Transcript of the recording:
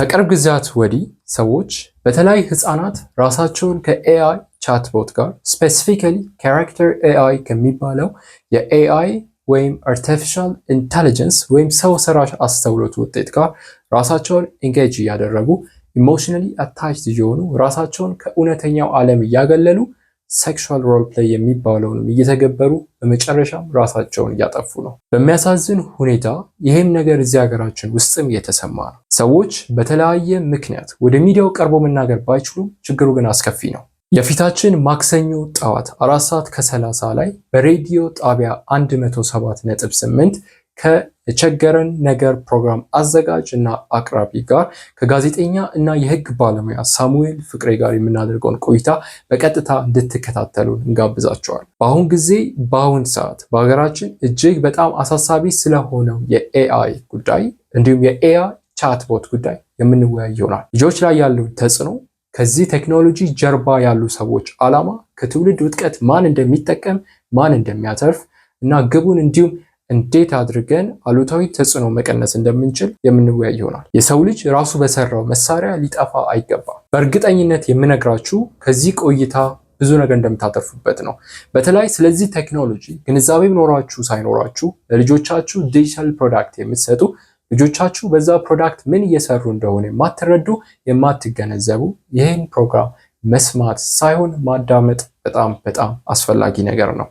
ከቅርብ ጊዜያት ወዲህ ሰዎች በተለይ ህፃናት ራሳቸውን ከኤአይ ቻትቦት ጋር ስፔሲፊካሊ ካራክተር ኤአይ ከሚባለው የኤአይ ወይም አርቲፊሻል ኢንቴሊጀንስ ወይም ሰው ሰራሽ አስተውሎት ውጤት ጋር ራሳቸውን ኢንጌጅ እያደረጉ ኢሞሽናሊ አታች እየሆኑ ራሳቸውን ከእውነተኛው ዓለም እያገለሉ ሴክሹዋል ሮል ፕሌይ የሚባለውንም እየተገበሩ በመጨረሻም ራሳቸውን እያጠፉ ነው። በሚያሳዝን ሁኔታ ይህም ነገር እዚህ ሀገራችን ውስጥም እየተሰማ ነው። ሰዎች በተለያየ ምክንያት ወደ ሚዲያው ቀርቦ መናገር ባይችሉም ችግሩ ግን አስከፊ ነው። የፊታችን ማክሰኞ ጠዋት አራት ሰዓት ከሰላሳ ላይ በሬዲዮ ጣቢያ 107.8 ከቸገረን ነገር ፕሮግራም አዘጋጅ እና አቅራቢ ጋር ከጋዜጠኛ እና የሕግ ባለሙያ ሳሙኤል ፍቅሬ ጋር የምናደርገውን ቆይታ በቀጥታ እንድትከታተሉ እንጋብዛቸዋል። በአሁን ጊዜ በአሁን ሰዓት በሀገራችን እጅግ በጣም አሳሳቢ ስለሆነው የኤአይ ጉዳይ እንዲሁም የኤአይ ቻትቦት ጉዳይ የምንወያይ ይሆናል። ልጆች ላይ ያለው ተጽዕኖ ከዚህ ቴክኖሎጂ ጀርባ ያሉ ሰዎች ዓላማ፣ ከትውልድ ውጥቀት ማን እንደሚጠቀም ማን እንደሚያተርፍ እና ግቡን እንዲሁም እንዴት አድርገን አሉታዊ ተጽዕኖ መቀነስ እንደምንችል የምንወያይ ይሆናል። የሰው ልጅ ራሱ በሰራው መሳሪያ ሊጠፋ አይገባም። በእርግጠኝነት የምነግራችሁ ከዚህ ቆይታ ብዙ ነገር እንደምታተርፉበት ነው። በተለይ ስለዚህ ቴክኖሎጂ ግንዛቤ ኖራችሁ ሳይኖራችሁ ለልጆቻችሁ ዲጂታል ፕሮዳክት የምትሰጡ ልጆቻችሁ በዛ ፕሮዳክት ምን እየሰሩ እንደሆነ የማትረዱ የማትገነዘቡ፣ ይህን ፕሮግራም መስማት ሳይሆን ማዳመጥ በጣም በጣም አስፈላጊ ነገር ነው።